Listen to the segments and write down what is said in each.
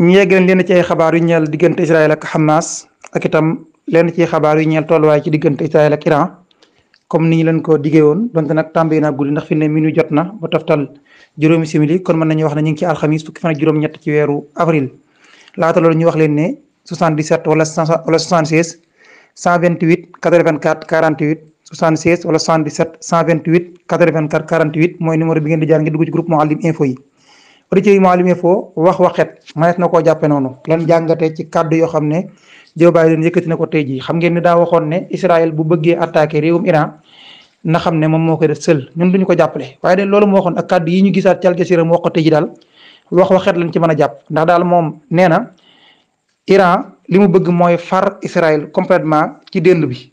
ñu yeggal leen ci ay xabaar yu ñeel diggante Israël ak Hamas ak itam leen ci xabaar yu ñeel tolluwaay ci diggante Israël ak Iran comme ni ñu leen ko diggee woon donte nag tàmbali naa guddi ndax fi ne minuit jot na ba toftal juróomi simili kon mën nañu wax ne ñu ngi ci alxamis fukki fan ak juróom-ñett ci weeru avril laata loolu ñu wax leen ne 77 wala wala 76 128 84 48 76 wala 77 128 84 48 mooy numéro bi ngeen di jaar ngi dugg ci groupe Mouhalim info yi. auditeurs yi Maalum Info wax waxet manees na koo jàppe noonu lan jàngate ci kàddu yoo xam ne Joe Biden yëkkati na ko tey jii xam ngeen ni daa waxoon ne Israël bu bëggee attaqué réewum Iran na xam ne moom moo ko def sël ñun duñu ko jàppale waaye de loolu mu waxoon a kàddu yi ñu gisaat ci Al Jazeera mu wax ko tey daal wax waxet lañ ci mën a jàpp ndax daal moom nee na Iran li mu bëgg mooy far Israël complètement ci dénd bi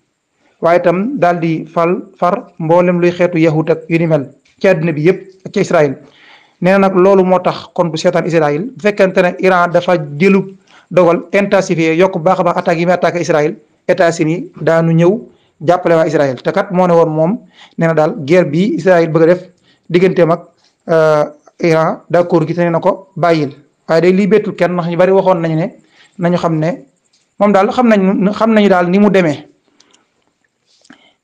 waaye tam daal di fal far mboolem luy xeetu yahut ak yu ni mel ci bi yëpp ak ci Israël nee nak lolu motax kon bu setan Israël bu nak Iran dafa jëlu dogal intensifier yok baax a baax attaques yi muy attaqué Israël États-Unis daanu ñew jàppale wa Israël te kat mo ne won mom nee dal guerre bi Israël bëgg def digënté mak euh Iran d'accord gi te nee na ko bàyyil waaye day lii bettul kenn ndax ñu bari waxon nañu ne nañu xamne mom dal daal xam nañu xam nañu daal ni mu démé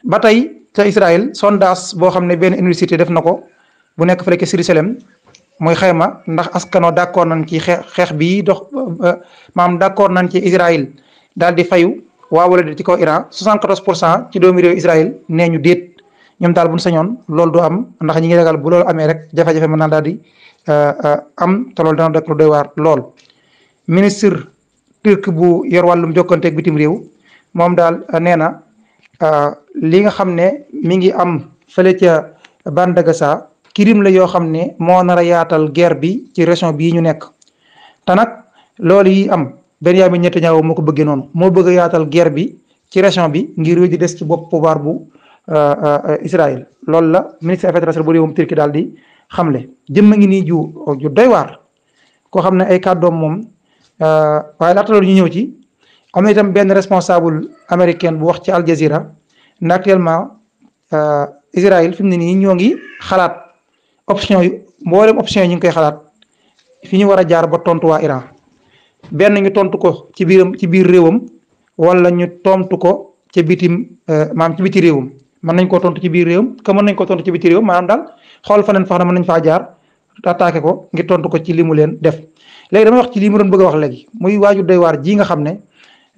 batay tey ca Israël sondage bo xamne ben université def nako ko bu nekk fële ca jerusalem mooy xayma ndax askano d'accord nañ ci xeex xeex bii dox euh, euh, maam d'accord nañ ci Israël daal di fayu waa wala di ci kaw Iran 74 pour cent ci doomi réew Israël nee ñu déet ñoom daal bu ñu sañoon loolu du am ndax ñi ngi ragal bu loolu amee rek jafe-jafe naa daal di euh, am te loolu dana rek lu doy lool. ministre turc bu yor wàllum jokkanteeg bitim réew moom daal nee na li nga xam ne mi ngi am fële ca kirim la yoo xam ne moo nar a yaatal guerre bi ci région bii ñu nekk te nag loolu yi am bi Benyamin Netanyahu moo ko bëggee noonu moo bëgg yaatal guerre bi ci région bi ngir wéy des ci bopp pouvoir bu euh, euh, Israël loolu la ministre affaires étrangères bu réewum daal di xamle jëmm ngi nii ju ju doy waar koo xam ne ay kàddoom moom euh, waaye laata loolu ñu ñëw ci am na itam benn responsable américaine bu wax ci Al Jazeera ne actuellement Israël fi mu ne nii ñoo ngi xalaat. option yu mboolem option yi ñu ngi koy xalaat fi ñu war a jaar ba tontu waa Iran benn ñu tontu ko ci biiram ci biir réewam wala ñu tontu ko ci bitim euh, maam ci biti réewam mën nañ koo tontu ci biir réewam que mën nañ koo tontu ci biti réewam maanaam daal xool faneen foo xam ne mën nañ faa jaar attaqué ko ngir tontu ko ci li mu leen def léegi dama wax ci lii mu doon bëgg wax léegi muy waaju doy waar ji nga xam ne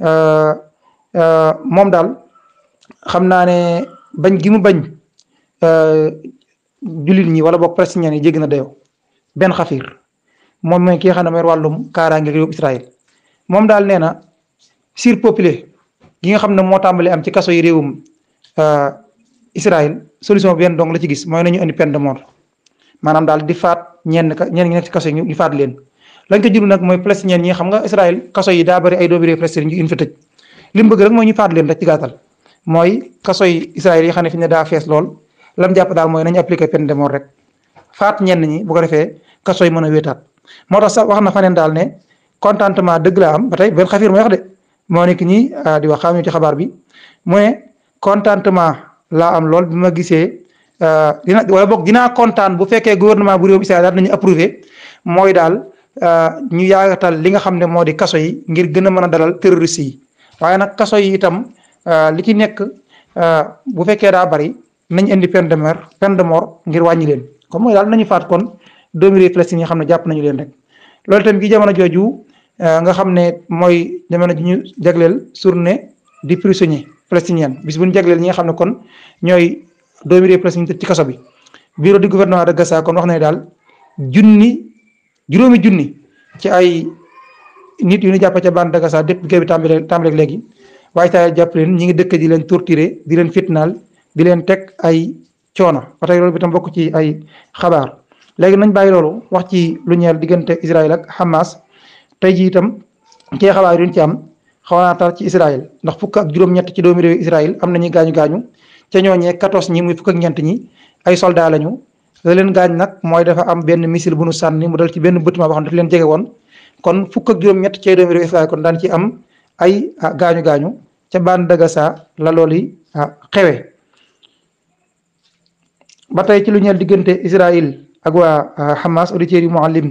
euh, euh, moom daal xam naa ne bañ gimu bañ jullit ñi wala boog palestinien yi jéggi na dayoo benn xafiir moom mooy ki nga xam ne mooy wàllum kaaraange réew Israël moom daal nee na surpeuplé gi nga xam ne moo tàmbali am ci kaso yi réewum euh, Israël solution benn dong la ci gis mooy nañu indi peine de mort maanaam daal di faat ñenn ka ñenn ñi nekk ci kaso yi ñu faat leen. lañ ko jublu nag mooy palestinien ñi xam nga Israël kaso yi daa bëri ay doomi réew palestinien ñu in fa bëgg rek mooy ñu faat leen rek ci gàttal mooy kaso yi Israël yi xam ne fi ne daa fees lool. lam jàpp daal mooy nañu appliqué peine de mort rek faat ñenn ñi bu ko defee kaso yi mën a wéetaat moo tax sax wax na faneen daal ne contentement dëgg la am ba tey benn xafiir mooy wax de moo ñi ah, di wax xam ñu ci xabaar bi mu ne laa am lool bi ma gisee ah, dina wala boog dinaa kontaan bu fekkee gouvernement bu réew Israël nañu approuvé mooy daal ah, ñu yaagatal li nga xam ne moo di kaso yi ngir gën a mën a dalal terroriste yi waaye nag kaso yi itam li ci nekk bu fekkee daa bari nañ indi peine de mort peine ngir wàññi leen kon mooy daal nañu faat kon doomi réew Palestine yi xam ne jàpp nañu leen rek loolu tamit gi jamono jooju euh, nga xam ne mooy jamono ji ñu jagleel journée du prisonnier palestinien bis bu ñu jagleel ñi nga xam ne kon ñooy doomi réew Palestine ci kaso bi bureau di gouvernement de Gaza kon wax na ne daal junni juróomi junni ci ay nit yu ñu jàpp ca bande de Gaza depuis guerre bi tàmbale tàmbale léegi waaye saa jàpp leen ñi ngi dëkk di leen torturer di leen fitnaal di leen teg ay coono ba tey bi tam bokk ci ay xabaar léegi nañ bàyyi loolu wax ci lu ñeel diggante Israël ak Hamas tey jii itam kee xabaar yu ci am xaw naa tar ci Israël ndax fukk ak juróom-ñett ci doomi réew Israël am nañu gaañu gaañu ca ñooñee 14 ñi muy fukk ak ñeent ñi ay soldat lañu la leen gaañ nag mooy dafa am benn missile bu nu sànni mu dal ci benn bâtiment boo xam ne leen jege woon kon fukk ak juróom-ñett ci doomi réew kon daan ci am ay gaañu gaañu ca baan Dagasa la loolu ah, xewe ba tey ci lu ñeel diggante Israël ak waa euh, Hamas auditeurs yi Mouhalim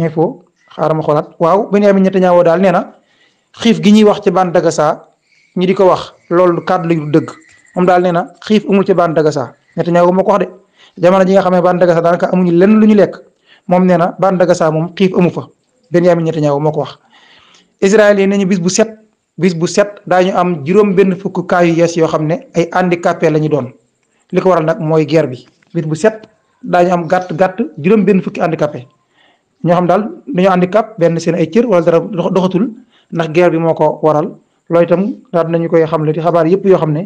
info xaaral ma xoolaat waaw Benyamin Netanyahu daal nee na xiif gi ñuy wax ci bande de Gaza ñi di ko wax loolu kàddu lu dëgg moom daal nee na xiif amul ci bande de Gaza Netanyahu moo ko wax de jamono ji nga xam ne bande de Gaza daanaka amuñu lenn lu ñu lekk moom nee na bande de Gaza moom xiif amu fa Benyamin Netanyahu moo ko wax. Israël yi nañu bis bu set bis bu set daañu am juróom benn fukk cas yu yees yoo xam ne ay handicapé la ñu doon li ko waral nag mooy guerre bi. bis bu set daañu am gàtt gàtt juróom benn fukki handicapé ñoo xam daal dañoo handicap benn seen ay cër wala dara doxatul ndax guerre bi moo ko waral looy tam daal nañu koy xamle di xabaar yëpp yoo xam ne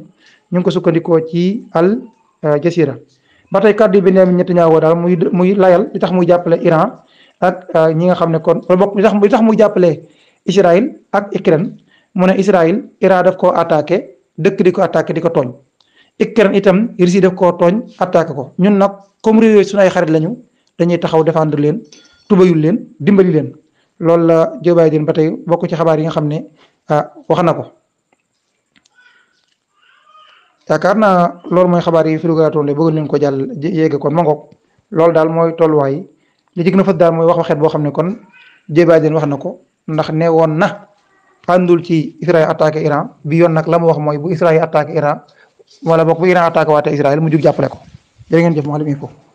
ñu ngi ko sukkandikoo ci al euh, jasira ba tey kàddu yi Benyamin Netanyahu daal muy muy layal li tax muy jàppale Iran ak euh, ñi nga xam ne kon wala bokk tax li tax muy jàppale Israël ak Ukraine mu ne Israël Iran daf ko attaqué dëkk di ko attaqué di ko tooñ ikram itam Russie def koo tooñ attaqué ko ñun nag comme réew ay xarit lañu dañuy taxaw défendre leen tubayul leen dimbali leen loolu la Joe Biden ba tey bokk ci xabaar yi nga xam ne ah wax na ko. yaakaar naa loolu mooy xabaar yi fi lu garaatoon de ko jàll yéege kon ma ngoog loolu daal mooy tolluwaay li ci gën a daal mooy wax waxeet boo xam ne kon Joe Biden wax na ko ndax ne woon na àndul ci Israël attaqué Iran bi yoon nag la mu wax mooy bu Israël attaqué Iran. wala boog bu Iran attaqué waatee Israël mu jug jàppale ko jërë ngeen jëf ma li muy